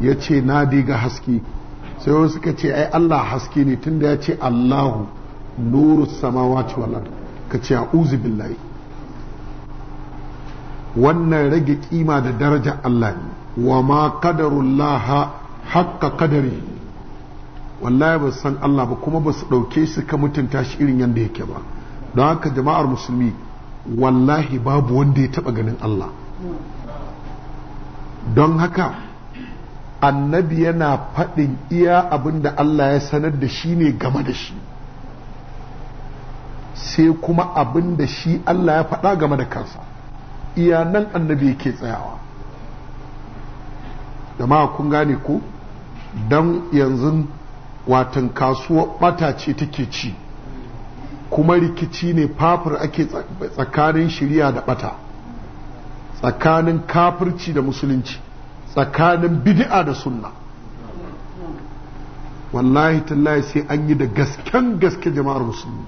ya ce na diga haske sai wasu suka ce ai Allah haske ne tunda ya ce Allahu nuru samawati wal ka ce a'udhu billahi wannan rage kima da daraja Allah ne wa ma qadarullah haqqa qadari wallahi ba san Allah ba kuma ba su dauke shi ka mutunta shi irin yanda yake ba don haka jama'ar musulmi wallahi babu wanda ya taba ganin Allah don haka annabi yana faɗin iya abin da Allah ya sanar da shi ne game da shi sai kuma abin da shi Allah ya faɗa game da kansa iya nan annabi yake tsayawa jama'a kun gane ko don yanzu watan kasuwar ɓata ce take ci kuma rikici ne fafur ake tsakanin shirya da ɓata tsakanin kafirci da musulunci tsakanin bid'a da sunna wallahi tallahi sai an yi da gasken gaske jama'ar musulmi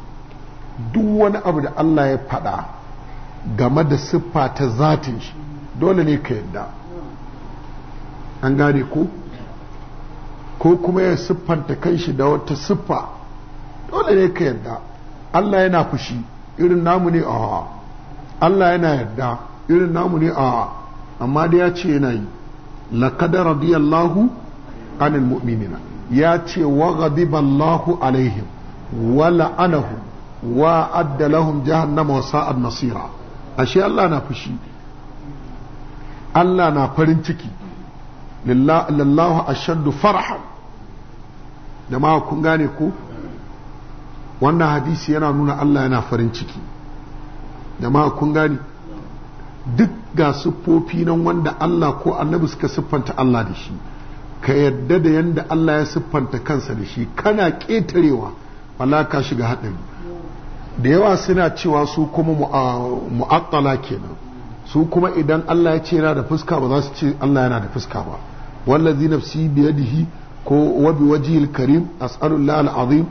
duk wani abu da Allah ya faɗa game da siffa ta zatin shi dole ne ka yadda an gane ko ko kuma ya siffanta kanshi da wata siffa dole ne ka yadda Allah yana fushi irin namu ne a Allah yana yadda irin namu ne a amma da ya ce yana yi laqad radiyallahu anil mu'minina ya ce wa ghadiba Allahu alaihim wa la'anahum wa adda jahannama wa sa'ad masira ashe Allah na fushi Allah na farin ciki lallahu ashaddu farha jama'a kun gane ko wannan hadisi yana nuna Allah yana farin ciki jama'a kun gane duk ga siffofi nan wanda Allah ko annabi suka siffanta Allah da shi ka yadda da yanda Allah ya siffanta kansa da shi kana ƙetarewa wala ka shiga haɗari da yawa suna cewa su kuma mu'attala kenan su kuma idan Allah ya ce yana da fuska ba za su ce Allah yana da fuska ba wallazi nafsi biyadihi ko wa biwajhil karim as'alullahi al-azim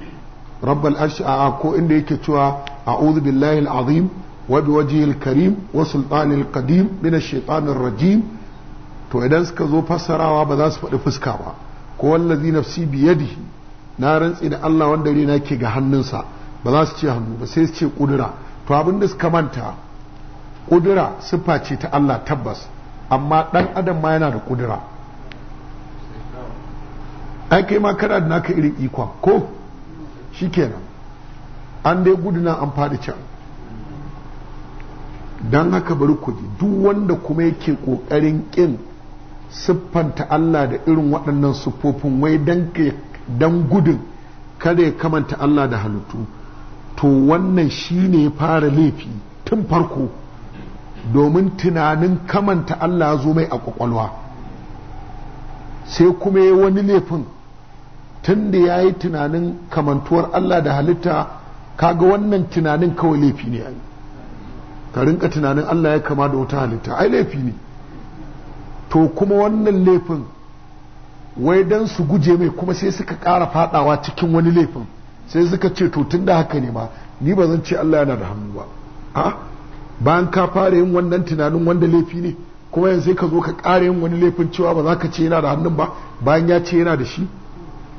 rabbal arsh ko inda yake cewa a'udhu billahi al-azim وبوجهه الكريم وسلطان القديم من الشيطان الرجيم to idan suka zo fassarawa ba za su faɗi fuska ba ko wallazi nafsi biyadihi na rantsi da Allah wanda rina ke ga hannunsa ba za su ce hannu ba sai su ce kudura to abin da suka manta kudura siffa ce ta Allah tabbas amma dan adam ma yana da kudura ai ma kana da naka irin ikon ko shikenan an dai gudu an fadi can don haka bari ku ji duk wanda kuma yake ƙoƙarin ƙin siffanta Allah da irin waɗannan siffofin wai don gudun kada ya kamanta Allah da halittu to wannan shi ne ya fara laifi tun farko domin tunanin kamanta Allah zo mai a ƙwaƙwalwa sai kuma ya wani laifin tun da ya yi tunanin kamantuwar Allah da halitta kaga wannan tunanin kawai laifi ne a yi ka rinka tunanin Allah ya kama da wata halitta ai laifi ne to kuma wannan laifin wai dan su guje mai kuma sai suka ƙara fadawa cikin wani laifin sai suka ce to tun da haka ne ma ni ba zan ce Allah yana da hannu ba a bayan ka fara yin wannan tunanin wanda laifi ne kuma yanzu ka zo ka ƙara yin wani laifin cewa ba za ka ce yana da hannun ba bayan ya ce yana da shi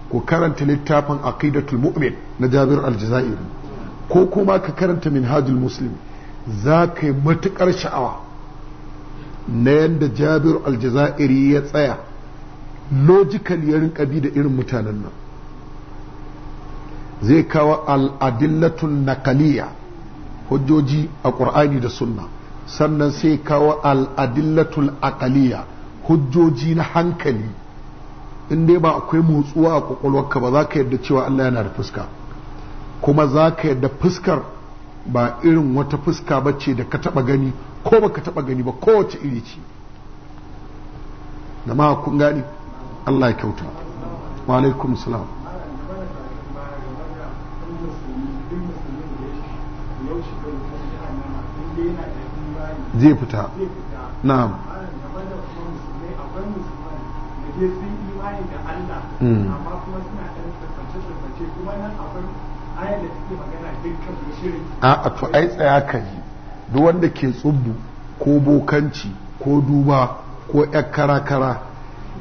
ku karanta littafin aqidatul mu'min na Jabir al-Jazairi ko kuma ka karanta minhajul muslim za ka yi matuƙar sha'awa na yadda jabir aljazairi ya tsaya logical yarin ƙabi da irin mutanen nan zai kawo al'adillatun nakaliya hujjoji a ƙur'ani da sunna sannan sai kawo a akaliya hujjoji na hankali in dai ba akwai motsuwa a ƙwaƙwalwarka ba za ka yadda cewa Allah yana da fuska kuma za ka yadda fuskar ba irin wata fuska ba ce da ka taɓa gani ko ba ka taɓa gani ba kowace iri ce da ma kun gani Allah ya kyauta wa alaikum salam zai fita na'am da Allah amma kuma suna a to ai tsaya ka ji duk wanda ke tsubbu ko bokanci ko duba ko yar kara-kara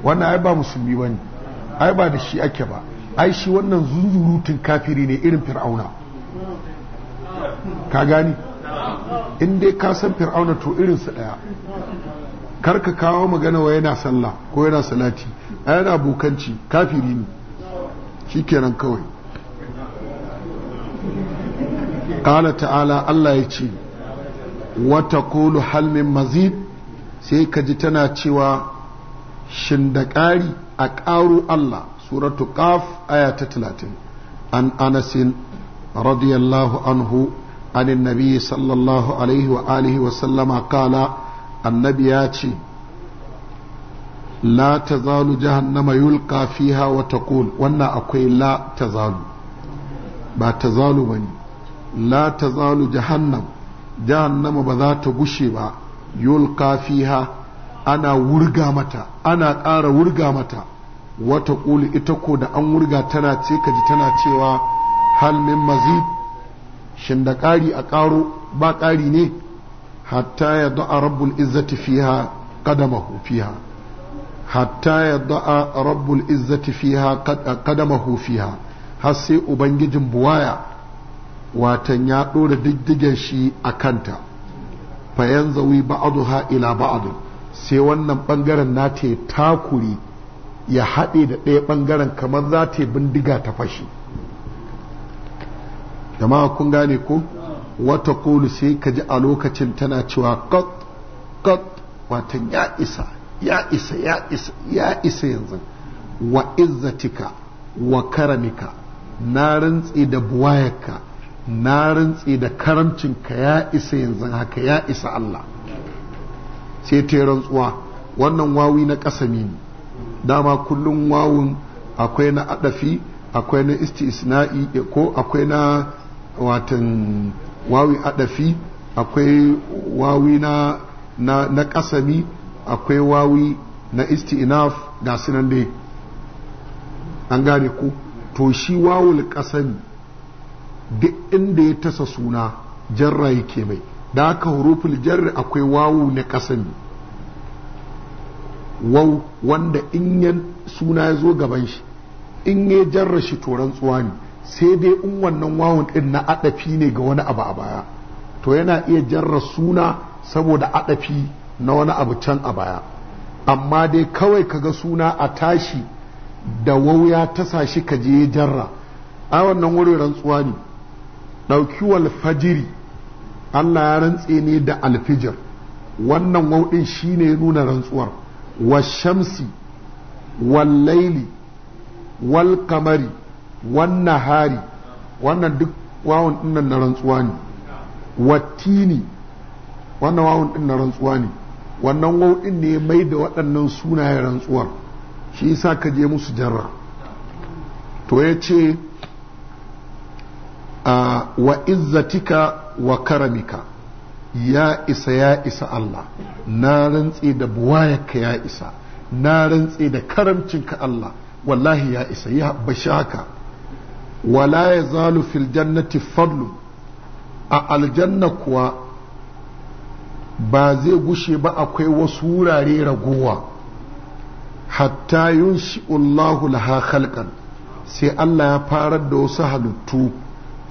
ai ba musulmi ba ne ai ba da shi ake ba ai shi wannan zuzurutun kafiri ne irin fir'auna ka gani in dai ka san fir'auna to irinsu ɗaya kar ka kawo magana wa yana sallah ko yana salati a yana bokanci kafiri ne shi kenan kawai ta'ala Allah ya ce wata هل من مزيد sai ka ji tana cewa shin da ƙari a ƙaru Allah suratu qaf ayata talatin an anasin radiyallahu anhu anin nabi sallallahu alaihi wa alihi wa sallama kala annabi ya ce la ta zalu jahannama yulka fiha wa taqul wannan akwai la ta zalu ba ta zalu bane la tazalu jahannam jahannama ba za ta gushe ba yulqa fiha ana wurga mata ana ƙara wurga mata wata ƙuli ita ko da an wurga tana ce kaji tana cewa hal min mazid shin da ƙari a ƙaro ba ƙari ne hatta ya da'a rabbul izzati fiha kadama fiha hatta ya rabbul izzati fiha fiha har sai ubangijin buwaya watan ya ɗora diddigen shi a kanta fayan zawi ha ila ba'adu sai wannan ɓangaren na ta takuri ya haɗe da ɗaya ɓangaren kamar za ta bindiga ta fashi jama'a kun gane ko wata kolu sai ka ji a lokacin tana cewa kat kat watan ya isa ya isa ya isa ya isa yanzu wa izzatika wa karamika na rantsi da buwayarka na rantse da karamcinka ya isa yanzu haka ya isa Allah sai ta rantsuwa wannan wawi na kasami ne dama kullum wawun akwai na adafi akwai na istisna'i ko akwai na watan wawi adafi akwai wawi na na, na kasami akwai wawi na isti'naf ga sinan dai an gane ku to shi wawul kasami duk inda ya tasa suna jarra yake mai da aka huruful jarri akwai wawu na ƙasan wau wanda in ya suna ya zo gaban shi in ya jarra shi to rantsuwa ne sai dai in wannan wawun din na adafi ne ga wani abu a baya to yana iya jarra suna saboda adafi na wani abu can a baya amma dai kawai kaga suna a tashi da wau ya tasa shi kaje ya jarra a wannan wurin rantsuwa ne ɗauki walfajiri Allah ya rantse ne da alfijir wannan wauɗin shine ne nuna rantsuwar wa shamsi wal laili wal kamari wan nahari wannan duk wawon dinnan na rantsuwa ne Tini wannan wawon din na rantsuwa ne wannan wauɗin ne mai da waɗannan sunayen rantsuwar shi yasa ka je musu jarra to ya ce wa izzatika wa karamika ya isa ya isa Allah na rantse da buwayarka ya isa na rantse da karamcinka Allah wallahi ya isa ya bashaka wala ya zalu fil jannati fadlu a aljanna kuwa ba zai gushe ba akwai wasu wurare ragowa hatta yunshi Allahu laha khalqan sai Allah ya farar da wasu halittu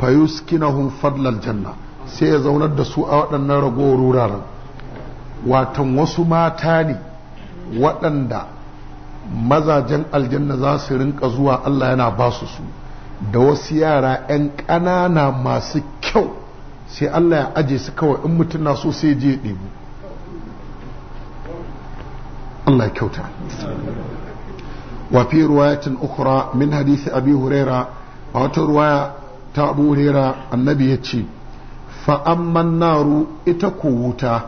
fayuskinahum fadlal janna sai ya zaunar da su a waɗannan ragowar wuraren watan wasu mata ne waɗanda mazajen aljanna za su rinka zuwa Allah yana ba su su da wasu yara 'yan ƙanana masu kyau sai Allah ya aje su kawai in mutum na so sai je ɗebu Allah ya kyauta wa fi ruwayatin ukhra min hadisi abi huraira a wata ruwaya ta abu rera annabi ya ce fa'amman naru ita ko wuta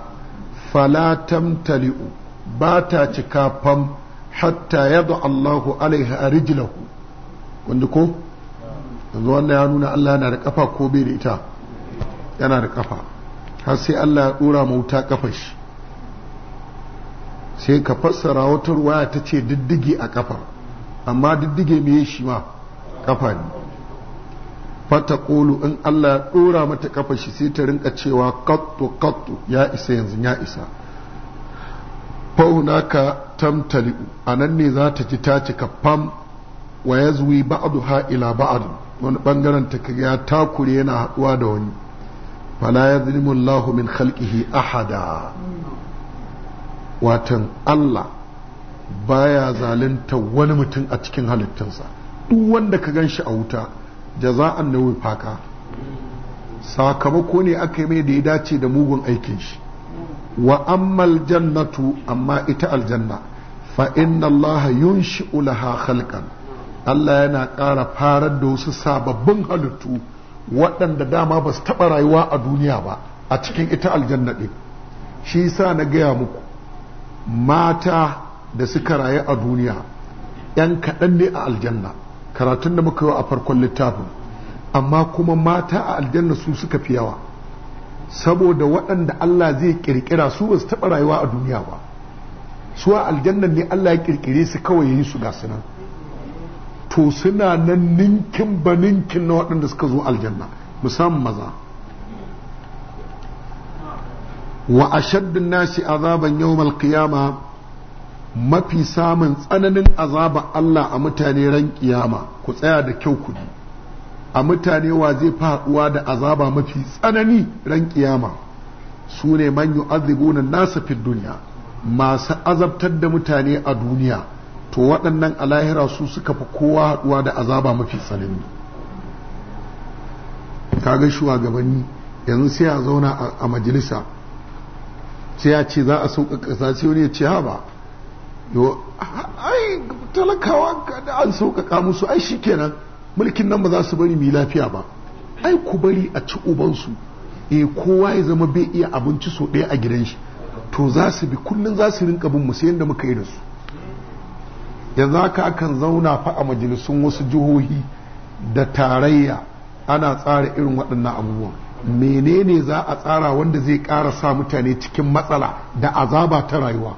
falatan tali'u ba ta cika fam hatta yadda Allahu alaihi a rijilahu wanda ko yanzu wannan ya nuna Allah yana da kafa ko bai da ita yana da kafa har sai Allah ya dora ma wuta kafa shi sai ka fassara wata ruwaya ta ce diddige a kafa amma diddige mai shi ma kafa ne fata ƙolu in Allah ya ɗora mata kafa shi sai ta rinka cewa kattu kattu ya isa yanzu ya isa fahunaka tamtali'u a nan ne za ta ji ta cika fam wa ya zuwi ba'adu ha ila ba'adu wani bangaren ta ya takure yana haɗuwa da wani fala ya Allahu min khalqihi ahada watan Allah baya zalunta wani mutum a cikin halittarsa duk wanda ka gan shi a wuta jaza'an na wifaka sakamako ne aka yi mai da ya dace da mugun aikin shi wa ammal jannatu amma ita aljanna fa inna Allah yunshi'u laha khalqan Allah yana ƙara farar da wasu sababbin halittu waɗanda dama ba su taɓa rayuwa a duniya ba a cikin ita aljanna ɗin shi sa na gaya muku mata da suka rayu a duniya ‘yan kaɗan ne a aljanna karatun da muka yi a farkon littafin amma kuma mata a aljanna su suka fi yawa saboda waɗanda Allah zai ƙirƙira su ba su taɓa rayuwa a duniya ba su a aljanna ne Allah ya kirkire su kawai yi su ga sunan to suna nan ninkin ba ninkin na waɗanda suka zo aljanna musamman maza wa ashaddun nasi azaban yawmal qiyamah mafi samun tsananin azaba Allah a mutane ran kiyama ku tsaya da kyau kudi a mutane wa zai faɗuwa da azaba mafi tsanani ran kiyama su ne man yu'adhibuna nasa fi duniya, masu azabtar da mutane a duniya to waɗannan alahira su suka fi kowa haɗuwa da azaba mafi tsanani kaga shugabanni yanzu sai a zauna a majalisa sai ya ce za a sauƙaƙa sai wani ya ce ha ba yo ai talakawa da an sauƙaƙa musu ai shikenan mulkin nan ba za su bari mu lafiya ba ai ku bari a ci ubansu eh kowa ya zama bai iya abinci so ɗaya a gidan shi to za su bi kullum za su rinka bin mu sai muka yi da su yanzu haka akan zauna fa a majalisun wasu jihohi da tarayya ana tsara irin waɗannan abubuwan menene za a tsara wanda zai ƙara sa mutane cikin matsala da azaba ta rayuwa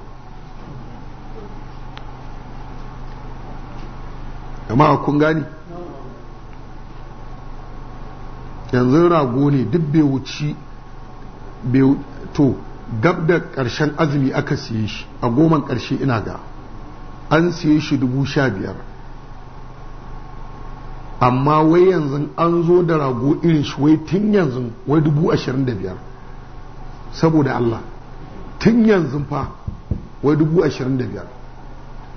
jama'a kun gani yanzu rago ne duk bai wuci to gab da ƙarshen azumi aka siye shi a goman ƙarshe ina ga an siye shi dubu sha biyar amma wai yanzu an zo da rago irin shi wai tun yanzu wai dubu ashirin da biyar saboda Allah tun yanzu fa wai dubu ashirin da biyar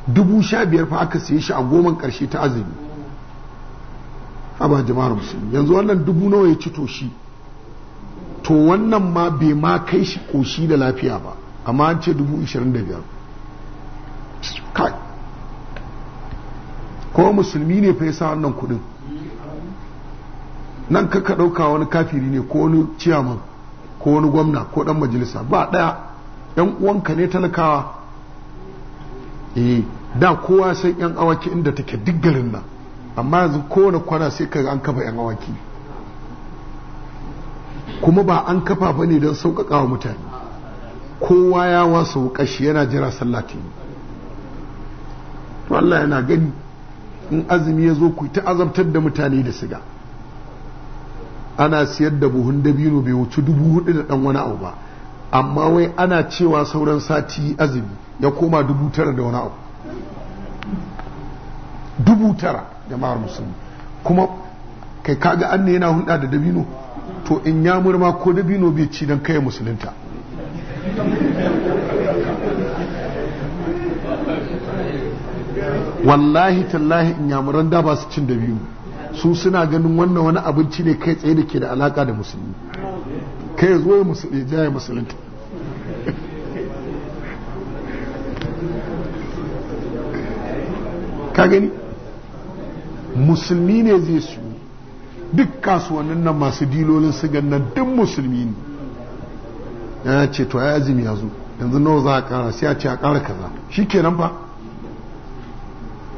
dubu sha biyar fa aka siye shi a goman karshe ta azumi haba jama'ar musulmi yanzu wannan dubu nawa ya ci to shi to wannan ma bai ma kai shi koshi da lafiya ba amma an ce dubu ishirin da biyar kai ko musulmi ne fa ya sa wannan kuɗin nan kaka ɗauka wani kafiri ne ko wani ciyaman ko wani gwamna ko ɗan majalisa ba ɗaya ‘yan uwanka ne talakawa eh da kowa san yan awaki inda take duk garin nan amma yanzu kowane kwana sai ka an kafa yan awaki kuma ba an kafa ba ne don sauƙaƙa wa mutane kowa ya wasa shi yana jira sallati to Allah yana gani in azumi ya zo ku ta azabtar da mutane da siga ana siyar da buhun dabino bai wuce dubu hudu da dan wani abu ba amma wai ana cewa sauran sati azumi ya koma dubu tara da wani abu dubu tara da jama'ar musulmi kuma kai kaga an ne yana hulɗa da dabino to in ya murma ko dabino bai ci don kai musulunta wallahi tallahi in yamuran da ba su cin dabino su suna ganin wannan wani abinci ne kai tsaye da ke da alaka da musulmi ka kai zo ya jaya musulunta ka gani musulmi ne zai su duk kasuwannin nan masu dilolin sigan nan duk musulmi ne ya ce to ya azumi ya zo yanzu nawa za a kara sai a ce a kara kaza shi kenan fa.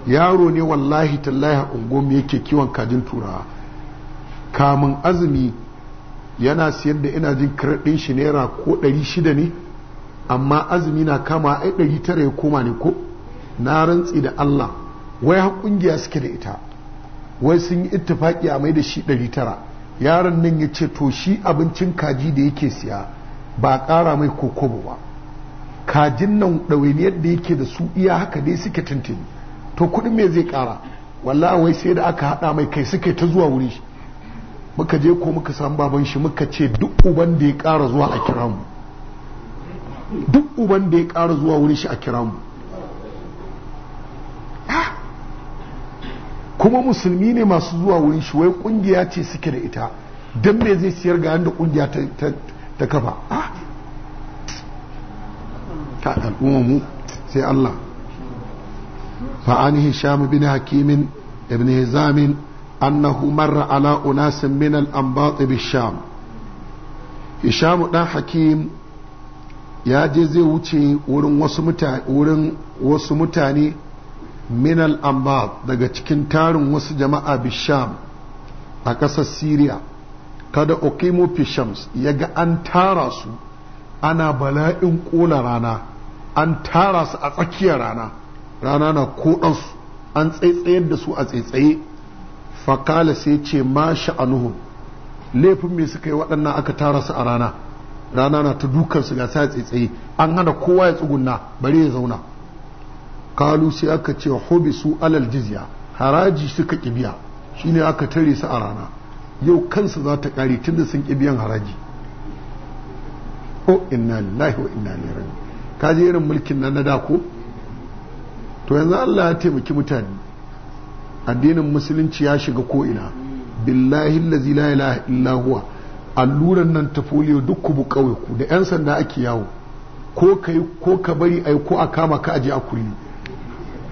yaro ne wallahi tallahi a unguwanmu yake kiwon kajin turawa kamun azumi yana siyar da ina jin karɗin shi naira ko ɗari shida ne amma azumi na kama ai ɗari tara ya koma ne ko na rantsi da Allah wai har ƙungiya suke da ita wai sun yi ittifaƙi a mai da shi ɗari tara yaron nan ya ce to shi abincin kaji da yake siya ba ƙara mai kokobo ba kajin nan ɗawainiyar da yake da su iya haka dai suke tuntuni to kuɗin me zai ƙara wallahi wai sai da aka haɗa mai kai suke ta zuwa wuri muka je ko muka san baban shi muka ce duk uban da ya kara zuwa a kira mu duk uban da ya ƙara zuwa wurin shi a kira mu kuma musulmi ne masu zuwa wurin shi wai kungiya ce suke da ita don me zai siyar ga yadda kungiya ta kafa ta al'umma mu sai Allah fa'ani hisham bin hakimin ibn hizamin أنه مر على أناس من الأنباط بالشام هشام دا ya je zai wuce wurin wasu mutane minal amba daga cikin tarin wasu jama'a bisham a ƙasar syria kada okimo ya ga an tara su ana bala'in ƙola rana an tara su a tsakiyar rana rana na kodansu an tsaitsayar da su a tsaitsaye fakala sai ce ma sha'anuhum laifin me suka yi waɗannan aka tara su a rana rana na ta dukan su ga sa tsaye an hana kowa ya tsugunna bari ya zauna kalu sai aka ce hobi su alal jizya haraji suka kibiya shine aka tare su a rana yau kansu za ta kare tunda sun kibiyan haraji o oh, inna lillahi wa inna ilaihi kaje irin mulkin nan na da ko to yanzu Allah ya taimaki mutane addinin musulunci ya shiga ko'ina billahi lazi la ilaha illa huwa alluran nan ta foliyo duk ku kauye ku da yan sanda ake yawo ko kai ko ka bari ai ko a kama ka aje a kulli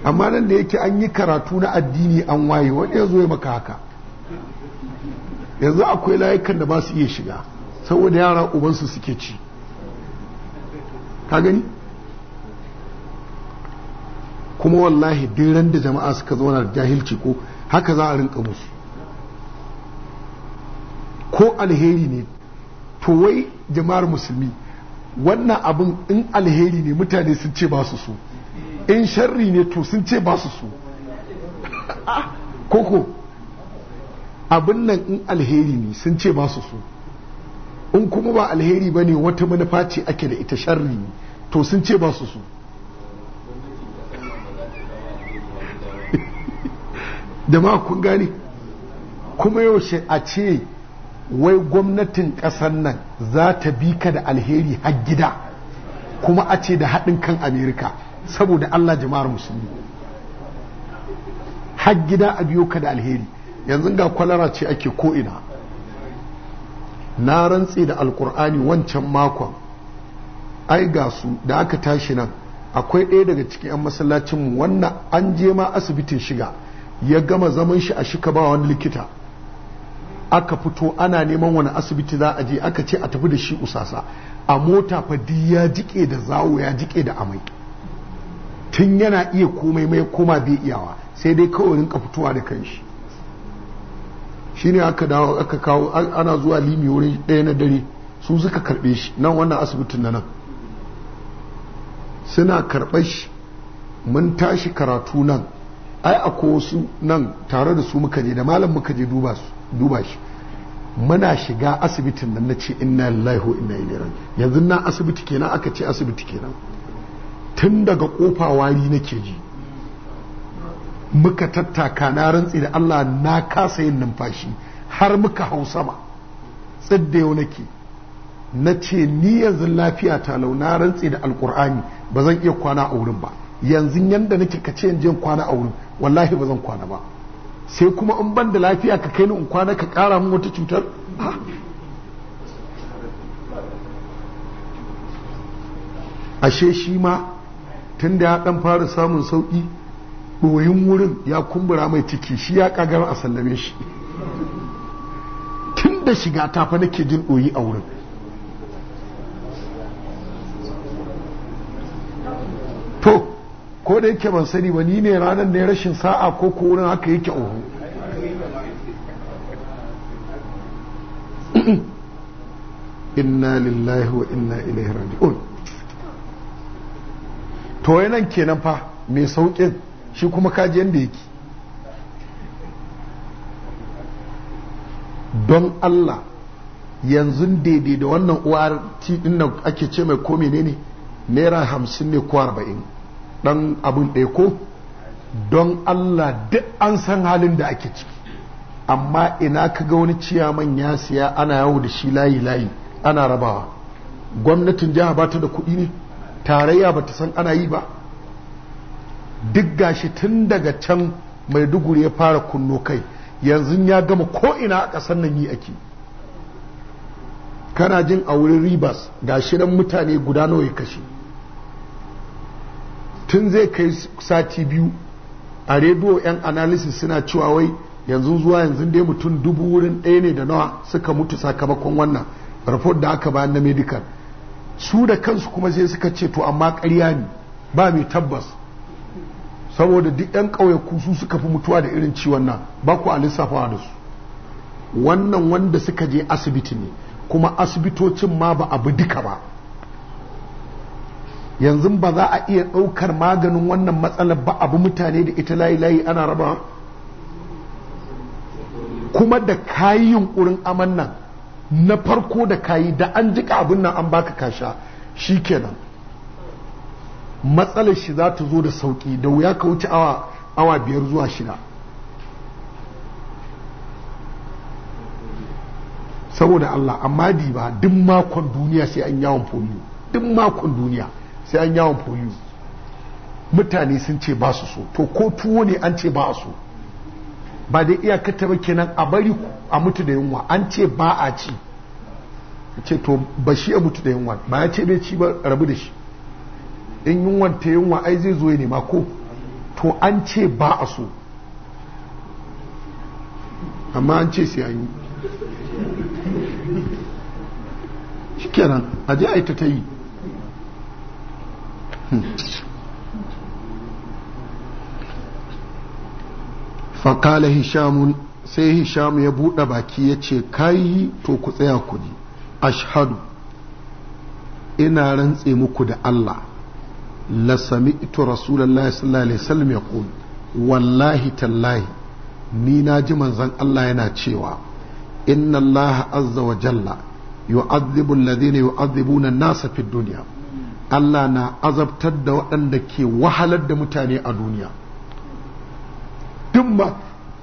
amma nan da yake an yi karatu na addini an waye wani ya zo ya maka haka yanzu akwai layukan da ba su iya shiga saboda yara ubansu suke ci ka gani kuma wallahi duk ran da jama'a suka zo da jahilci ko haka za a rinka musu ko alheri ne to wai jama'ar musulmi wannan abin in alheri ne mutane sun ce ba su so in sharri ne to sun ce ba su so koko abin nan in alheri ne sun ce ba su so in kuma ba alheri ba ne wata manufa ce ake da ita sharri ne to sun ce ba su so da ma kun gani. kuma yaushe a ce wai gwamnatin ƙasar nan za ta bi ka da alheri har gida kuma a ce da haɗin kan amerika saboda allah jama'ar musulmi har gida a biyo ka da alheri yanzu ga kwalara ce ake ko'ina na rantse da alkur'ani wancan makon ai ga su da aka tashi nan akwai ɗaya daga cikin 'yan masallacinmu wannan an je ma asibitin shiga ya gama zaman shi a shika ba wani likita aka fito ana neman wani asibiti za a je aka ce a tafi da shi usasa a mota fadi ya jike da zawo ya jike da amai tun yana iya komai mai koma bai iyawa sai dai kawai rinka fitowa da kanshi ne aka dawo aka kawo ana zuwa limi wurin ɗaya na dare su suka karɓe shi nan wannan asibitin na nan suna karɓar shi mun tashi karatu nan ai akwai su nan tare da su muka je da malam muka je duba shi muna shiga asibitin nan na ce inna lillahi wa inna ilaihi raji'un yanzu na asibiti kenan aka ce asibiti kenan tun daga kofa wari nake ji muka tattaka na rantsi da Allah na kasa yin numfashi har muka hau sama tsiddewa nake na ce ni yanzu lafiya ta lau na rantsi da alkur'ani ba zan iya kwana a wurin ba yanzu yanda nake ka ce kwana a wurin wallahi ba zan kwana ba sai kuma in ban da lafiya ka kai ni in kwana ka kara min wata cutar ashe shi ma tun da ya dan fara samun sauki ɗoyin wurin ya kumbura mai ciki shi ya kagar a sallame shi tun da shiga tafa nake jin ɗoyi a wurin ko da yake ban sani ba ni ne ranar ya rashin sa'a ko ko wurin haka yake uhu inna lillahi wa inna ilaihi raji'un to yanan kenan fa mai saukin shi kuma kaji yanda yake don Allah yanzu daidai da wannan uwar ti nan ake ce mai ko menene naira hamsin ne ko arba'in ɗan abin ɗaya ko don Allah duk an san halin da ake ciki amma ina ka ga wani ciyaman ya siya ana yawo da shi layi layi ana rabawa gwamnatin jiha ba ta da kuɗi ne tarayya ba ta san ana yi ba duk gashi tun daga can maiduguri ya fara kunno kai yanzu ya gama ko'ina a ƙasar nan yi ake kana jin a wurin ribas gashi dan mutane guda nawa ya kashe tun zai kai sati biyu a rediyo 'yan analysis suna cewa wai yanzu zuwa yanzu dai mutum dubu wurin ɗaya ne da nawa suka mutu sakamakon wannan report da aka bayan na medical su da kansu kuma sai suka ce to amma karya ne ba mai tabbas saboda duk 'yan ƙauyaku su suka fi mutuwa da irin ciwon nan ba ku a lissafawa da su wannan wanda suka je asibiti ne kuma asibitocin ma ba abu duka ba yanzu ba za a iya ɗaukar maganin wannan matsalar ba abu mutane da ita layi layi ana raba kuma da kayi yunkurin aman nan na farko da kayi da an jika abin nan an baka kasha shi kenan matsalar shi za ta zo da sauki da wuya ka wuce awa biyar zuwa shida saboda Allah amma di ba duk makon duniya sai an yawon foliyo duk makon duniya sai an yawon foyu mutane sun ce ba su so to ko tuwo ne an ce ba a so ba da iyakar ta ba kenan a bari a mutu da yunwa an ce ba a ci ce to ba shi a mutu da yunwa ba ya ce bai ci ba rabu da shi in yunwa ta yunwa ai zai zo ya nema ko to an ce ba a so amma an ce sai an yi shikenan a je a yi ta ta yi fakala hishamun sai hisham ya buɗe baki ya ce kai to ku tsaya ku ji ashhadu ina rantse muku da Allah la sami'tu rasulullahi sallallahu alaihi wasallam yaqul wallahi tallahi ni na ji manzon Allah yana cewa inna Allah azza wa jalla yu'adhibu alladhina yu'adhibuna an-nasa fid dunya Allah na azabtar da waɗanda ke wahalar da mutane a duniya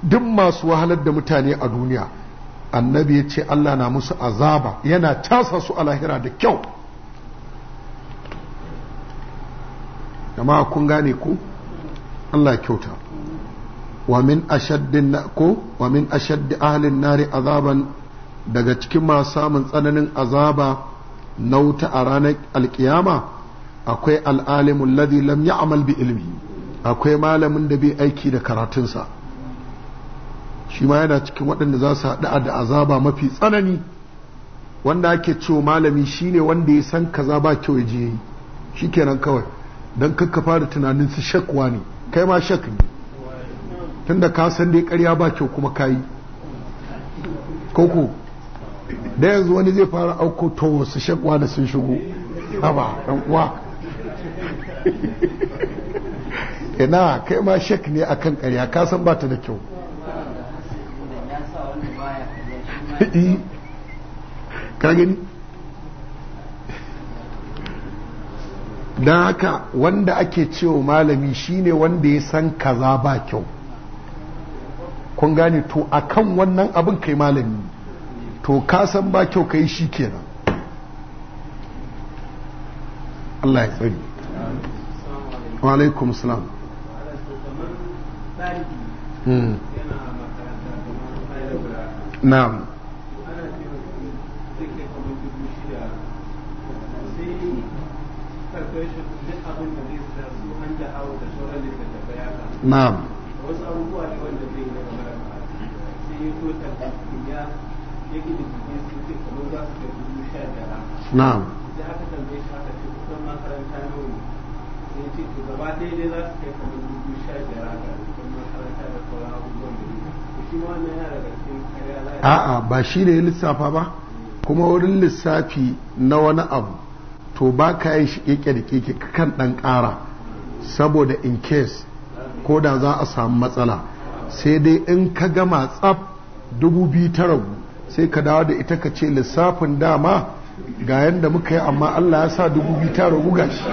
duk masu wahalar da mutane a duniya annabi ya ce Allah na musu azaba yana casa su a lahira da kyau amma kun gane ku Allah kyauta wa min ashaddin ko wa min ashaddi ahlin nari azaban daga cikin masu samun tsananin azaba nauta a ranar alkiyama akwai al'alimun ladhi lam amal bi ilmi akwai malamin da bai aiki da karatunsa shi ma yana cikin waɗanda za su haɗa da azaba mafi tsanani wanda ake cewa malami shi ne wanda ya san kaza ba kyau ya je yi kenan kawai don kanka fara tunanin su shakwa ne kai ma shak ne tunda ka san dai karya ba kyau kuma ka yi koko da yanzu wani zai fara auko to su shakwa da sun shigo ba dan uwa ina kai ma shak ne akan ƙarya ka san ba ta da kyau ka gani don haka wanda ake cewa malami shine wanda ya san kaza ba kyau kun gane to kan wannan abin kai malami to ka san ba kyau ka yi shi kenan Allah ya tsari wa alaikum salam hmm. na'am na'am wasu abubuwa ne wanda zai yi na kamar sai yi to ta ya na'a. a'a ba shi ne ya lissafa ba kuma wurin lissafi na wani abu to ba ka yi shi ƙeƙe da keke kan ɗan ƙara saboda in case ko da za a samu matsala sai dai in ka gama tsaf dubu biyu ta ragu sai ka dawo da ita ka ce lissafin dama ga yadda muka yi amma Allah ya sa dubu biyu ta ragu gashi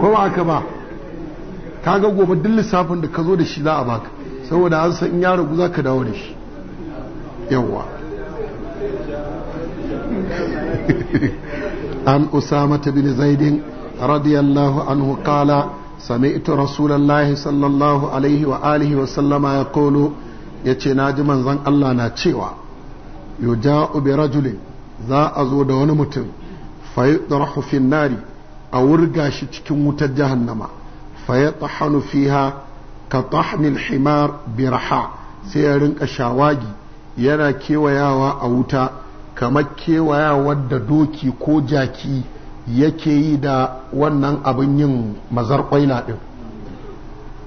ko ba haka ba ka ga gobe duk lissafin da ka zo da shi za a baka saboda an san in ya ragu za ka dawo da shi yawwa an usama bin zaidin radiyallahu anhu kala. sami'tu rasulullahi sallallahu alaihi wa alihi wa sallama ya kolo ya na ji manzon Allah na cewa yuja'u bi rajulin za a zo da wani mutum fayyadarahu fi nari a wurga shi cikin wutar jahannama fayyadahanu fiha Hanufiha tahnil himar biraha sai ya rinka shawagi yana kewayawa a wuta kamar kewayawa da doki ko jaki yake yi da wannan abin yin mazar ƙwaila ɗin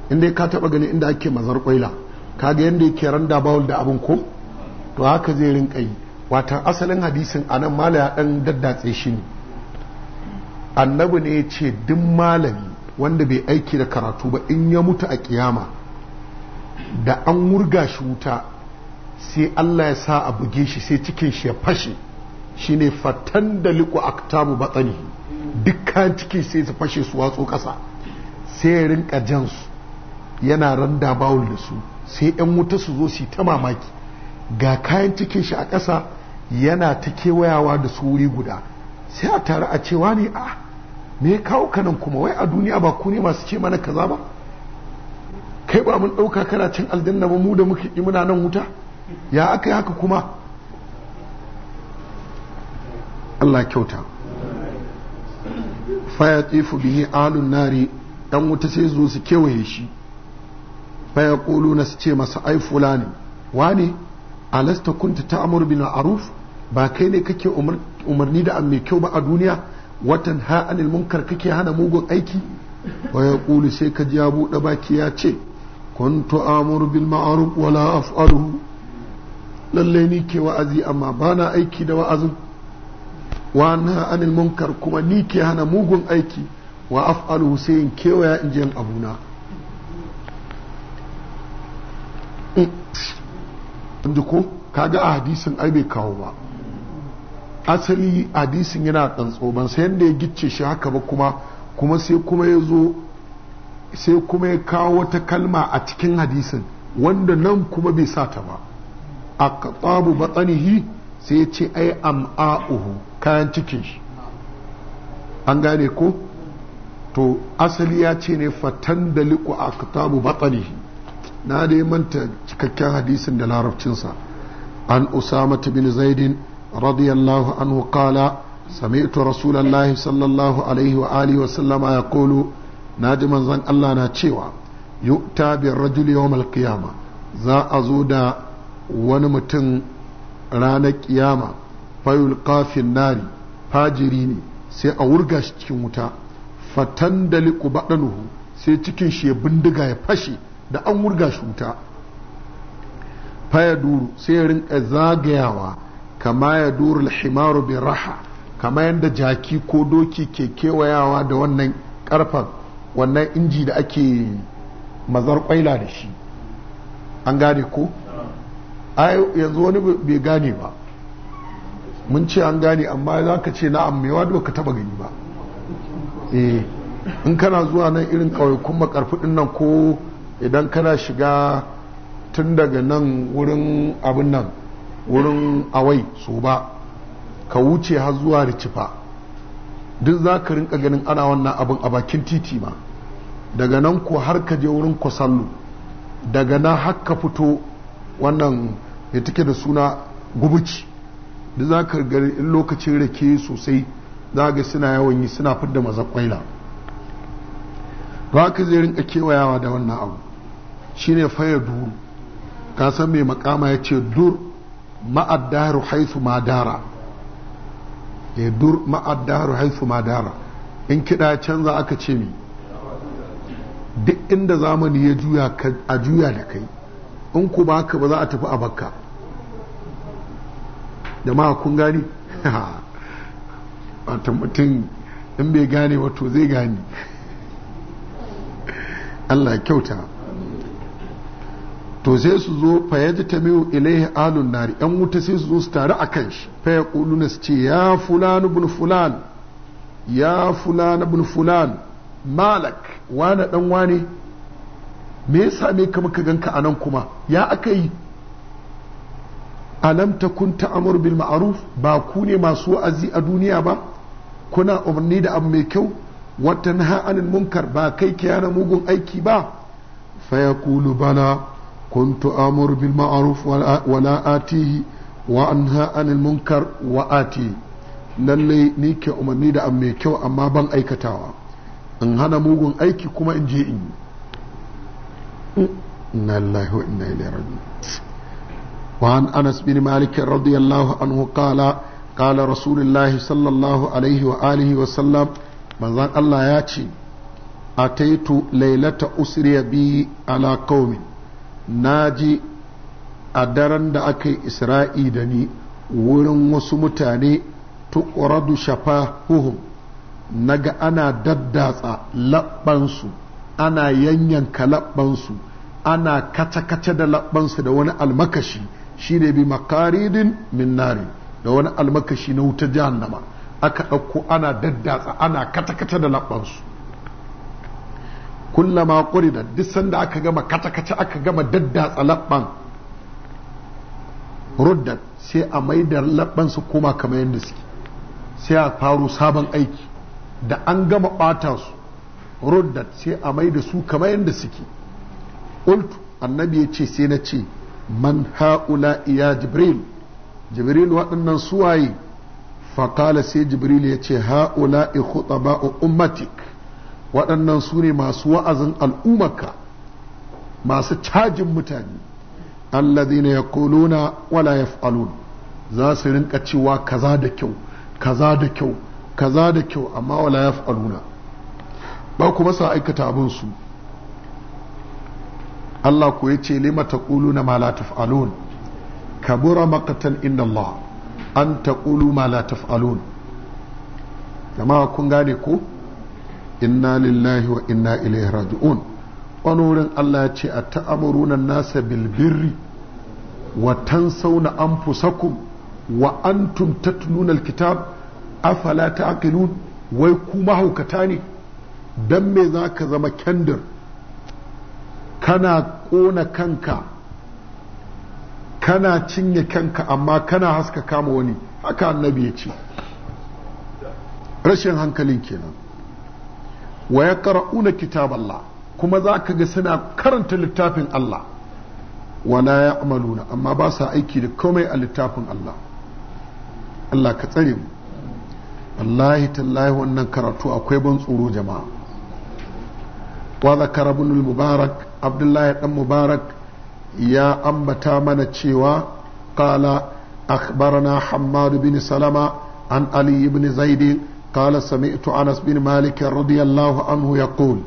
inda ka taɓa gani inda ake mazar ƙwaila ga yadda yake randa bawul da abin ko to haka zai rinka yi watan asalin hadisin a nan malaya ɗan daddatse shi ne annabi ne ya ce duk malami wanda bai aiki da karatu ba in ya mutu a kiyama da an wurga shi wuta sai Allah ya sa a buge shi sai cikin shi ya fashe shine fatan da liku aktabu batsani dukkan ciki sai su fashe su watsu kasa sai ya rinka jansu yana randa bawul da su sai yan wuta su zo su ta mamaki ga kayan cikin shi a kasa yana ta kewayawa da su wuri guda sai a tare a cewa ne a me kawo kanan kuma wai a duniya ba ku ne masu ce mana kaza ba kai ba mun ɗauka kana cin aljanna ba mu da muke yi muna nan wuta ya aka yi haka kuma Allah kyauta fayatifu bihi alun nari dan wuta sai zo su kewaye shi faya kulu na su ce masa ai fulani wane alasta kunta ta amur bin ba kai ne kake umarni da mai kyau ba a duniya watan ha munkar kake hana mugun aiki faya kulu sai ka ji ya buɗe baki ya ce kuntu amuru bil ma'aruf wala af'aluhu lallai ni ke wa'azi amma bana aiki da wa'azin wa na anil munkar kuma ni ke hana mugun aiki wa af'alu sai in kewaya in je abuna inda ko kaga a hadisin ai bai kawo ba asali hadisin yana tsantso ban sai yadda ya gicce shi haka ba kuma kuma sai kuma ya zo sai kuma ya kawo wata kalma a cikin hadisin wanda nan kuma bai sa ta ba a katsabu batsanihi sai ya ce ai am'a'uhu kayan cikin shi an gane ko to asali ya ce ne fatan da liku a kitabu batsalihi na da manta cikakken hadisin da larabcinsa an usama bin zaidin radiyallahu anhu kala wa رسول الله صلى Na عليه وآله وسلم يقول ناجما زن الله ناتشيوا يؤتى بالرجل يوم القيامة za a zo da wani mutum ranar kiyama fayul kafin nari fajiri ne sai a wurga shi cikin wuta fatan da baɗanuhu sai cikin shi ya bindiga ya fashe da an wurga shi wuta faya duru sai ya rinka zagayawa kama ya duru himaru bin raha kama yadda jaki ko doki ke kewayawa da wannan karfan wannan inji da ake mazar kwaila da shi an gane ko ai yanzu wani bai gane ba mun ce an gane amma za ka ce na'am mai wadda ka taba gani ba eh in kana zuwa nan irin kawai kuma karfudin nan ko idan kana shiga tun daga nan wurin abin nan wurin awai so ba ka wuce har zuwa ricifa duk za ka rinka ganin ana wannan abin a bakin titi ma daga nan ko har ka je wurin kwasallu daga nan har ka fito wannan ya take da suna gubuci da za ka ga in lokacin rake sosai za ga suna yawan yi suna fidda mazakwaila ba ka zai rinka kewayawa da wannan abu shine faya dur ka san mai makama ya ce dur ma'addaru haisu madara ya eh, dur ma'addaru haisu madara in kiɗa canza aka ce mi duk inda zamani ya juya a juya da kai in ku ba haka ba za a tafi a makka jama'a kun gani ta mutum in bai gane wato zai gani Allah kyauta to sai su zo fayyata ta miyu ilaihi alun nari yan wuta sai su zo su taru a kan shi faya kuluna su ce ya fulani bin fulani ya fulani bin fulani malak wane dan wane me ya same ka muka ganka a nan kuma ya aka yi alam ta amur bil ma'aruf ba ku ne masu wa'azi a duniya ba kuna umarni da abu mai kyau wata na anil munkar ba kai ke yana mugun aiki ba fa Kulu bala kuntu amur bil ma'aruf wa la'atihi wa an anil munkar wa ati lalle ni ke umarni da abu mai kyau amma ban aikatawa in hana mugun aiki kuma in je in yi إنا الله وإنا إليه راجعون وعن أنس بن مالك رضي الله عنه قال قال رسول الله صلى الله عليه وآله وسلم من ذن الله ياتي أتيت ليلة أسري بي على قوم ناجي أدرن دا أكي إسرائي دني ورن وسمتاني تقرد شفاههم نجا أنا ددات لبنسو ana yanyanka labbansu ana kace-kace da labbansu da wani almakashi shi ne bi makaridin min nari da wani almakashi na wuta jahannama aka ɗauko ana daddatsa ana kace-kace da labbansu kullama qurida duk sanda aka gama kace-kace aka gama daddatsa labban ruddat sai a mai da labbansu koma kamar yadda suke sai a faro sabon aiki da an gama ɓata su ruddat sai a mai da su kamar yadda suke ultu annabi ya ce sai na ce man ha'ula iya jibril jibril waɗannan suwaye faƙala sai jibril ya ce ha'ula ikhutaba'u ummatik waɗannan su ne masu wa'azin al'ummaka masu cajin mutane kolo na wala ya yaf'alun za su rinka cewa kaza da kyau kaza da kyau kaza da kyau amma wala ya na. ba kuma sa aikata abin su Allah ku ya ce lima na ma la taf'alun kabura maqtan inda Allah an taqulu ma la taf'alun jama'a kun gane ko inna lillahi wa inna ilaihi raji'un wani wurin Allah ya ce a ta'amuruna nasa bilbirri. birri wa tansawna anfusakum wa antum tatluna alkitab afala ta'qilun wai ku mahaukata ne don me za ka zama kendir kana ƙona kanka kana cinye kanka amma kana haska kama wani haka annabi ya ce rashin hankalin kenan wa ya ƙara'una kitab Allah kuma za ka ga suna karanta littafin Allah wala ya amaluna amma ba sa aiki da komai a littafin Allah Allah ka tsare mu wallahi tallahi wannan karatu akwai ban tsoro jama'a وذكر ابن المبارك عبد الله بن مبارك يا أنبتا من تشيوا قال أخبرنا حماد بن سلمة عن علي بن زيد قال سمعت أنس بن مالك رضي الله عنه يقول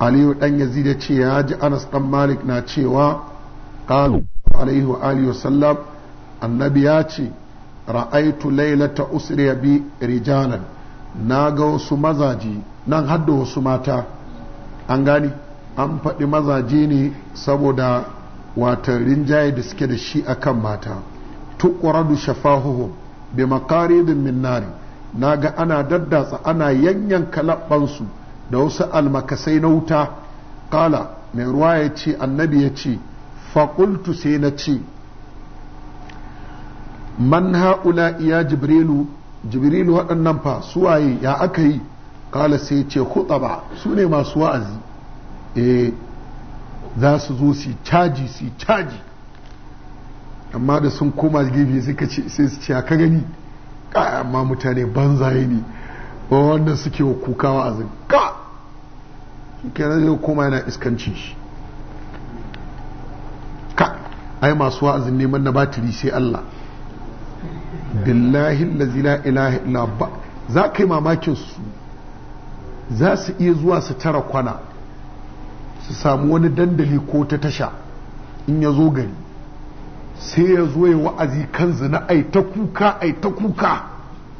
علي بن يزيد تشياج أنس بن مالك ناتشيوا قال عليه وآله وسلم النبياتي رأيت ليلة أسري بي رجالا na ga wasu mazaji nan hadda wasu mata an gani an faɗi mazaje ne saboda watan rinjaye da suke da shi akan mata tuqradu shafahuhum bi da min Na ga ana daddatsa ana yanyan kalabansu da wasu almakasai na wuta kala mai ruwa ya ce annabi ya ce faƙultu sai na ce man ha'ula iya jibrilu jibrilu waɗannan fa suwaye ya aka yi kala sai ce tsaba su ne masu wa'azi e za su zo su caji su caji amma da sun koma gefe suka ce sai su ce ka gani ka amma mutane banzaye ne ba wanda suke wa kuka wa'azin ka shi kenan zai koma yana iskanci shi ka ai masu wa'azin neman na batiri sai Allah billahi la ilaha illa ba za ka yi mamakin su za su iya zuwa su tara kwana su samu wani dandali ko ta tasha in ya zo gari sai ya zo yi wa'azi kan zina ai ta kuka ai ta kuka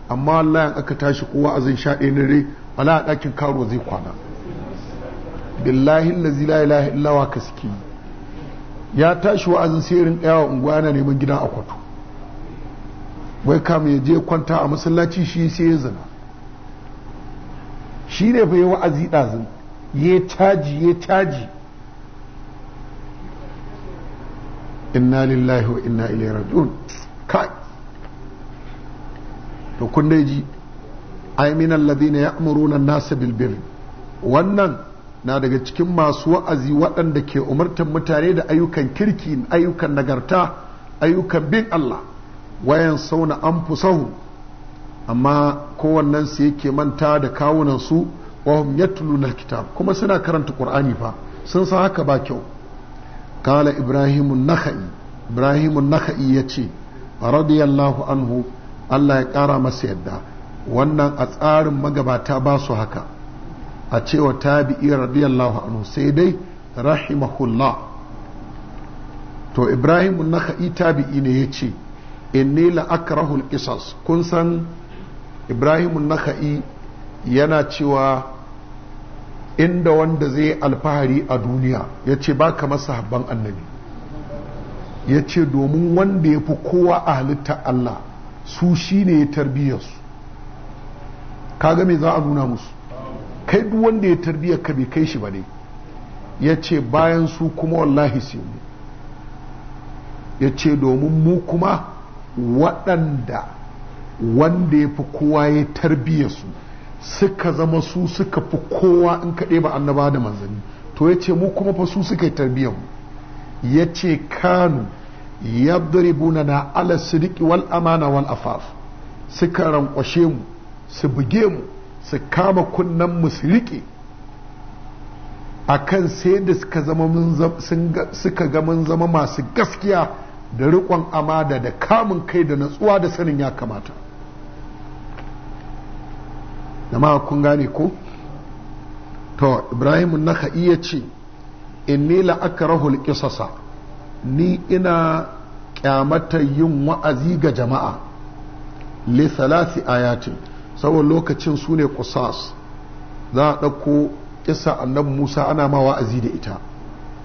amma Allah aka tashi kowa azin sha ɗaya na rai wala a ɗakin karo zai kwana billahin lazi la ilaha illawa ka suke ya tashi wa'azin sai ɗaya wa unguwa yana neman gidan akwato wai kam ya je kwanta a masallaci shi sai ya zina shi ne fa yi wa'azi ɗazin ya caji ya caji inna lillahi wa inna ilai raji'un kai to kun dai ji ay min alladhina ya'muruna an-nasa bil wannan na daga cikin masu wa'azi waɗanda ke umartar mutane da ayyukan kirki ayyukan nagarta ayyukan bin Allah wayan sauna an fusahu amma kowannen su yake manta da kawunan su wa hum yatluna alkitab kuma suna karanta qur'ani fa sun san haka ba kyau kala ibrahim nakhai ibrahim nakhai yace radiyallahu anhu Allah ya kara masa yadda wannan a tsarin magabata ba su haka a cewa tabi'i radiyallahu anhu sai dai rahimahullah to ibrahim nakhai tabi'i ne yace inni la akrahul qisas kun san ibrahim naka'i yana cewa inda wanda zai alfahari a duniya ya ce ba kamar sahabban annabi ya ce domin wanda ya fi kowa a halitta Allah su shi ne ya tarbiyyarsu kaga mai za a nuna musu kai duk wanda ya tarbiyyar ka bai kai shi ba ne ya ce bayan su kuma wallahi sai mu ya ce domin mu kuma waɗanda wanda ya fi kowa ya tarbiya su suka zama su suka fi kowa in kaɗe ba annaba da manzanni to ya ce mu kuma fa su suka yi tarbiyyar mu ya ce kanu ya na ala sidiki wal amana wal afaf suka ranƙwashe mu su buge mu su kama kunnen mu su riƙe akan sai da suka suka ga mun zama masu gaskiya da riƙon amada da kamun kai da natsuwa da sanin ya kamata jama'a kun gane ko to ibrahim naka iya ce inni la'akarahul ƙisasa ni ina kyamata yin wa'azi ga jama'a le salasi ayatin saboda lokacin su ne kusas za a ɗauko ƙisa annabi musa ana ma wa'azi da ita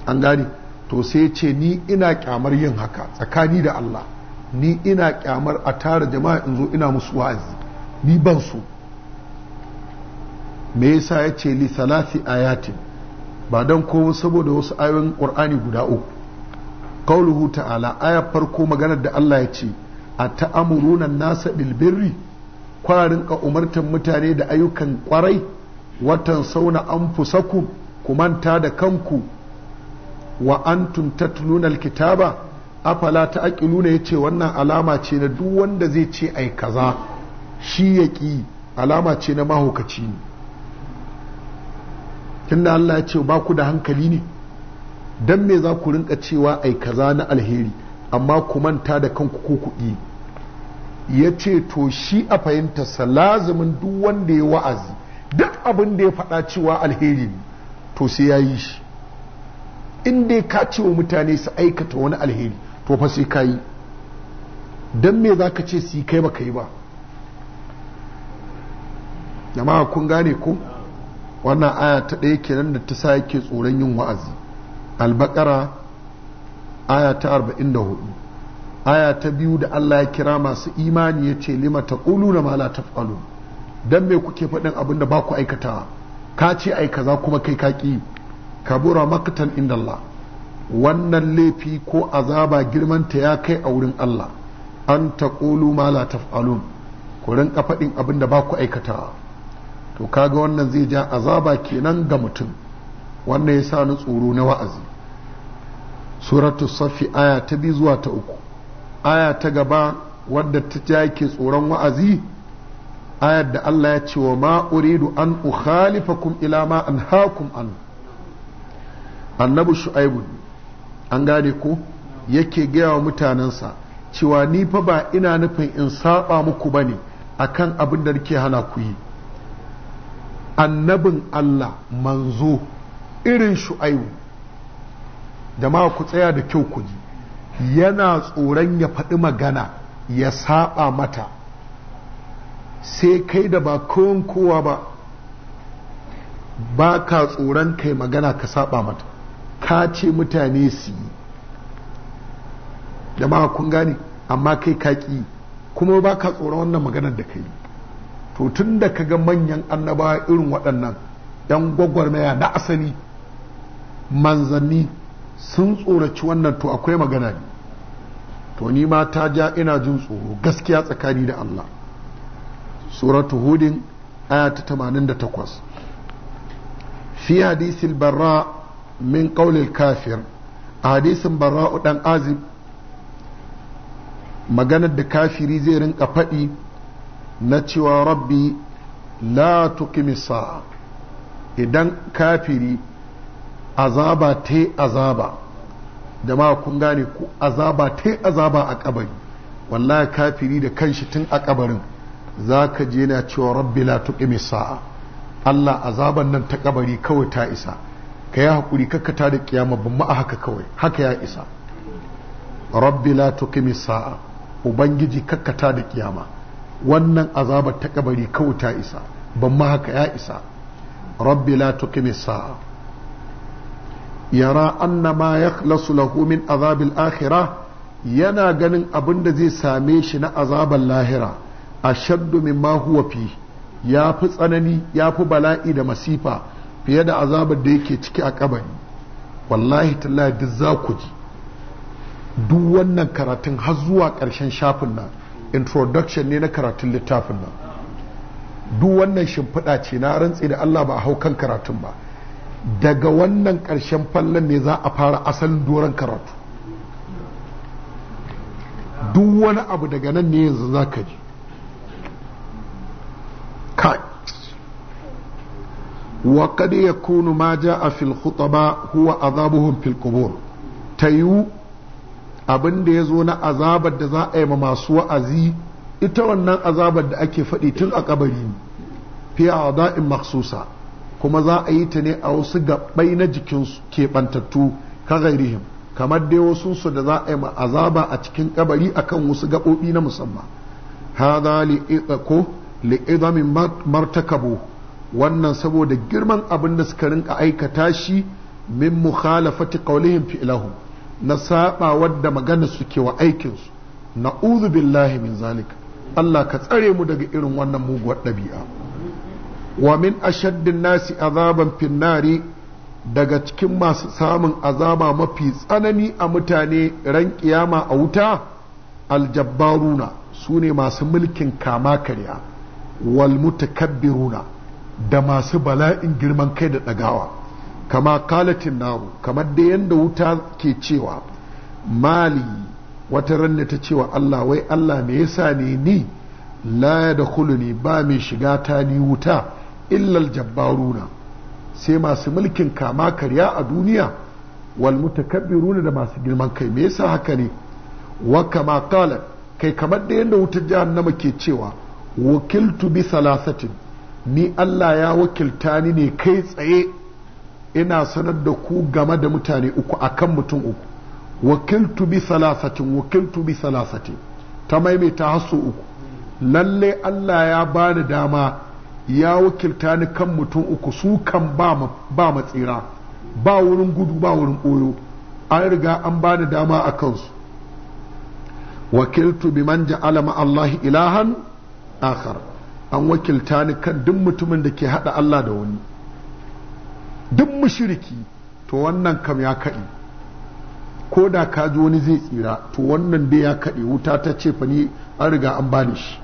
an gani to sai ce ni ina kyamar yin haka tsakani da Allah ni ina kyamar a tara jama'a in zo ina musu wa'azi ni ban su me yasa ya ce li salasi ayatin ba don kowa saboda wasu ayoyin qur'ani guda uku qauluhu ta'ala ayar farko maganar da Allah ya ce a ta'amuruna nasa bil birri kwarin ka umartan mutane da ayyukan kwarai watan sauna anfusakum ku manta da kanku wa antum tatluna alkitaba afala ta'qiluna yace wannan alama ce na duk wanda zai ce ai kaza shi yaki alama ce na mahaukaci ne tunda Allah ya ce ba ku da hankali ne dan me za ku rinka cewa ai kaza na alheri amma ku manta da kanku ko kuɗi ya ce to shi a fahimtarsa lazumin duk wanda ya wa'azi duk abin da ya faɗa cewa alheri ne to sai ya yi shi in dai ka ce wa mutane su aikata wani alheri to fa sai ka yi don me za ka ce su yi kai baka yi ba jama'a kun gane ko wannan aya ta ɗaya kenan da ta sa yake tsoron yin wa'azi albakara aya ta arba'in da hudu aya ta biyu da Allah ya kira masu imani ya ce lima ta ƙulu na mala ta falu don me kuke faɗin abin da ba ku aikatawa ka ce aika za kuma kai ka ƙi kabura maktan inda Allah wannan laifi ko azaba girmanta ya kai a wurin Allah an ta ƙulu ma la taf'alun ku rinka faɗin abin da ba ku aikatawa to kaga wannan zai ja azaba kenan ga mutum wannan ya sa ni tsoro na wa'azi suratu safi aya ta biyu zuwa ta uku aya ta gaba wadda ta ja ke tsoron wa'azi ayar da Allah ya ce wa ma uridu an ukhalifakum ila ma anhaakum an annabi shu'aibu an gane ko yake gaya wa mutanensa cewa ni fa ba ina nufin in saba muku bane akan abin da nake hana ku yi annabin Allah manzo irin shu'aibu jama'a ku tsaya da kyau ku ji yana tsoron ya faɗi magana ya saba mata sai kai da ba kowan kowa ba ba ka tsoron kai magana ka saba mata ka ce mutane su yi jama'a kun gane amma kai ka ƙi kuma ba ka tsoron wannan maganar da kai to tun da ka ga manyan annabawa irin waɗannan yan gwagwarmaya na asali manzanni sun tsoraci wannan to akwai magana ne to ni ma ta ja ina jin tsoro gaskiya tsakani da Allah suratu hudin ayata 88 fi hadisil barra min ƙaulil kafir a hadisin bara'u ɗan azib maganar da kafiri zai rinka faɗi na cewa rabbi idan kafiri azaba te azaba jama'a kun gane ku azaba te azaba a kabari wallahi kafiri da kanshi tun a kabarin zaka je na cewa rabbi la tuqimisa Allah azaban nan ta kabari kawai ta isa ka yi haƙuri kakkata da ƙiyama ban haka kawai haka ya isa rabbi la tuqimi sa'a ubangiji kakkata da kiyama wannan azabar ta kabari kawai ta isa ban ma haka ya isa rabbi la tuqimi sa'a yara anna ma yakhlasu lahu min azabil akhirah yana ganin abin da zai same shi na azabar lahira ashaddu mimma huwa fi ya fi tsanani ya fi bala'i da masifa fiye da azabar da yake ciki a kabari wallahi tallahi duk za ku ji duk wannan karatun har zuwa ƙarshen shafin nan introduction ne na karatun littafin nan duk wannan shimfiɗa ce na rantse da Allah ba a hau kan karatun ba daga wannan ƙarshen fallon ne za a fara asalin doron karatu duk wani abu daga nan ne yanzu za ka ji وقد يكون ما جاء في الخطباء هو عذابهم في القبور تيو abin da ya zo na azabar da za a yi ma masu wa'azi ita wannan azabar da ake faɗi tun a kabari fi a da'in maksusa kuma za a yi ta ne a wasu gaɓai na jikinsu keɓantattu ka gairihim kamar dai wasu su da za a yi ma azaba a cikin kabari akan wasu gaɓoɓi na musamman haza li'idha ko martakabu wannan saboda girman abin da suka rinka aikata shi min mukhalafati qawlihim fi ilahum na saba wadda magana suke wa aikinsu na'udhu billahi min zalika Allah ka tsare mu daga irin wannan muguwar ɗabi'a wa min ashaddin nasi azaban finnari daga cikin masu samun azaba mafi tsanani a mutane ran kiyama a wuta aljabbaruna su ne masu mulkin kama karya wal mutakabbiruna da masu bala'in girman kai da ɗagawa kama kalatin naru kamar da yadda wuta ke cewa mali wata ranna ta cewa Allah wai Allah me yasa ne ni la da ne ba mai shiga ta ni wuta illal jabbaruna sai masu mulkin kama karya a duniya wal mutakabbiruna da masu girman kai me yasa haka ne wa kama kalat kai kamar da yadda wutar jahannama ke cewa wakiltu bi salasatin ni Allah ya wakilta ni ne kai tsaye ina sanar da ku game da mutane uku akan mutum uku wakiltu bi salasatin wakiltu bi salasatin ta maimaita hasu uku lalle Allah ya bani dama ya wakilta ni kan mutum uku su kan ba matsira ba wurin gudu ba wurin koyo. an riga an bani dama a kansu wakiltu bi manja alama Allah ilahan akhar an wakilta ni kan duk mutumin da ke haɗa Allah da wani duk mushiriki to wannan kam ya kaɗi ko da ka ji wani zai tsira to wannan dai ya kaɗi wuta ta ce fa ni an riga an bani shi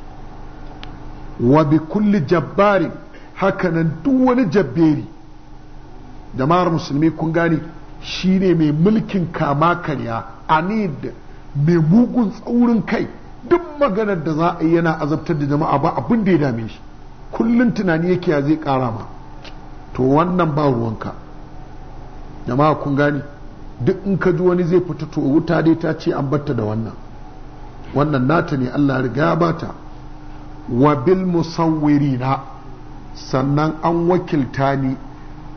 wa bi kulli jabbarin hakanan duk wani jabberi jama'ar musulmi kun gane shine mai mulkin kama karya anid mai mugun tsaurin kai duk maganar da za a yi yana azabtar da jama'a ba abin da ya dame shi kullum tunani yake ya zai kara ma to wannan ba ruwanka jama'a kun gani duk in ka ji wani zai fita to wuta dai ta ce an batta da wannan wannan nata ne Allah riga ya bata wa bil musawwirina sannan an wakilta ni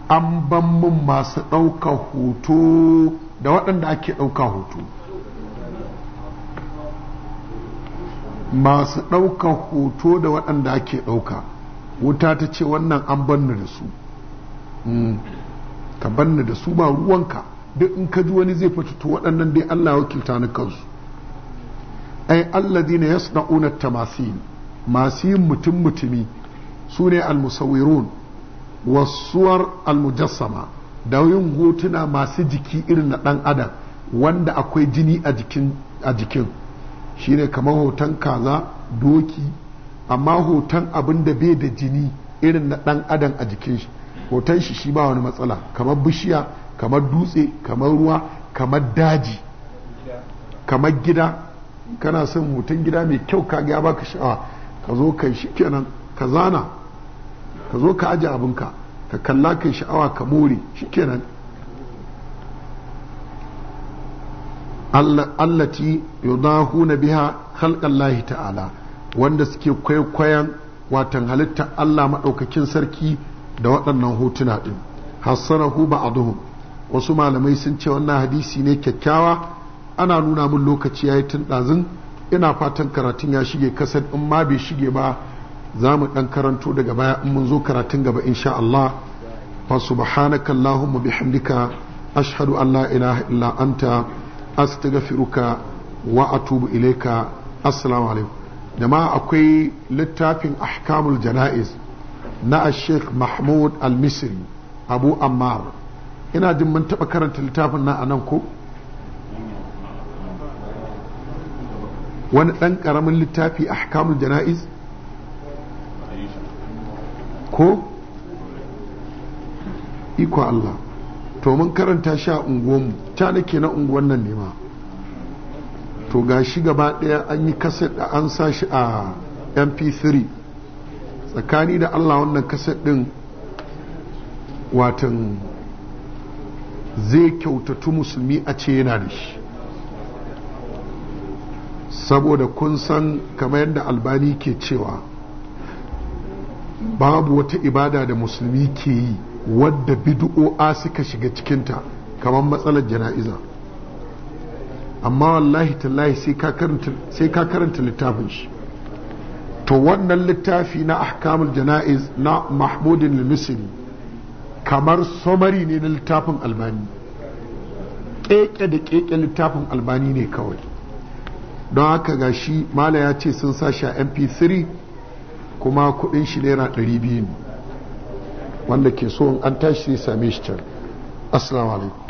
an ban mun masu ɗauka hoto da waɗanda ake ɗauka hoto masu ɗaukar hoto da waɗanda ake ɗauka wuta ta ce wannan an banni da su mm. ka banni da su ba ruwanka duk in ka ji wani zai fito waɗannan dai Allah wakilta ni kansu ai alladina yasna'una tamasil masu yin mutum mutumi su ne almusawirun wasuwar almujassama da yin hotuna masu jiki irin na ɗan adam wanda akwai jini a jikin shine kamar hoton kaza doki amma hoton abin da bai da jini irin na ɗan adam a jikin shi hoton shi shi ba wani matsala kamar bishiya kamar dutse kamar ruwa kamar daji kamar gida kana son hoton gida mai kyau ka ya baka sha'awa ka zo kai shi kenan ka zana ka zo ka aje abinka ka kalla kai sha'awa ka more shi kenan allati yudahuna biha lahi ta'ala wanda suke kwaikwayan watan halitta Allah maɗaukakin sarki da waɗannan hotuna ɗin hassanahu ba'aduhum wasu malamai sun ce wannan hadisi ne kyakkyawa ana nuna min lokaci yayi tun ɗazun ina fatan karatun ya shige kasar in ma bai shige ba za mu ɗan karanto daga baya in mun zo karatun gaba insha Allah fa subhanakallahumma bihamdika ashhadu an la ilaha illa anta astaghfiruka wa atubu ilaika assalamu alaikum jama'a akwai littafin ahkamul jana'iz na ashek mahmud al-misri abu ammar ina jin mun taɓa karanta littafin nan anan ko wani dan karamin littafi ahkamul jana'iz ko iko Allah to mun karanta shi a unguwanmu makwabta nake na unguwan nan ne ma to ga shi gaba ɗaya an yi kaset da an sa shi a mp3 tsakani da allah wannan kaset ɗin watan zai kyautatu musulmi a ce yana da shi saboda kun san kamar yadda albani ke cewa babu wata ibada da musulmi ke yi wadda bid'o'a suka shiga cikinta kamar matsalar jana'iza amma wallahi tallahi sai ka karanta littafin shi to wannan littafi na ahkamul jana'iz na mahmudin misri kamar somari ne na littafin albani keke da keke littafin albani ne kawai don haka ga shi mala ya ce sun sashi a mp3 kuma kudin shi naira 200 ne wanda ke so an tashi sai same shi can assalamu alaikum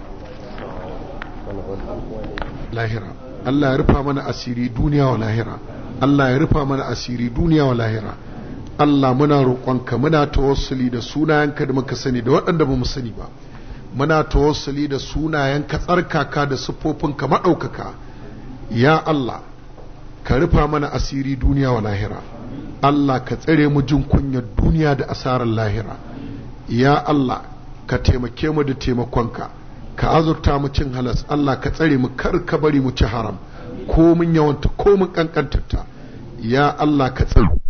lahira Allah ya rufa mana asiri duniya wa lahira Allah ya rufa mana asiri duniya wa lahira Allah muna roƙonka muna tawassuli da sunayenka da muka sani da waɗanda ba mu sani ba muna tawassuli da sunayenka tsarkaka da siffofinka maɗaukaka ya Allah ka rufa mana asiri duniya wa lahira Allah ka tsare mu jin kunyar duniya da asarar lahira ya Allah ka taimake mu da taimakonka ka azurta mu cin halas Allah ka tsare mu kar ka bari mu ci haram ko mun yawanta ko mun kankantarta ya Allah ka tsare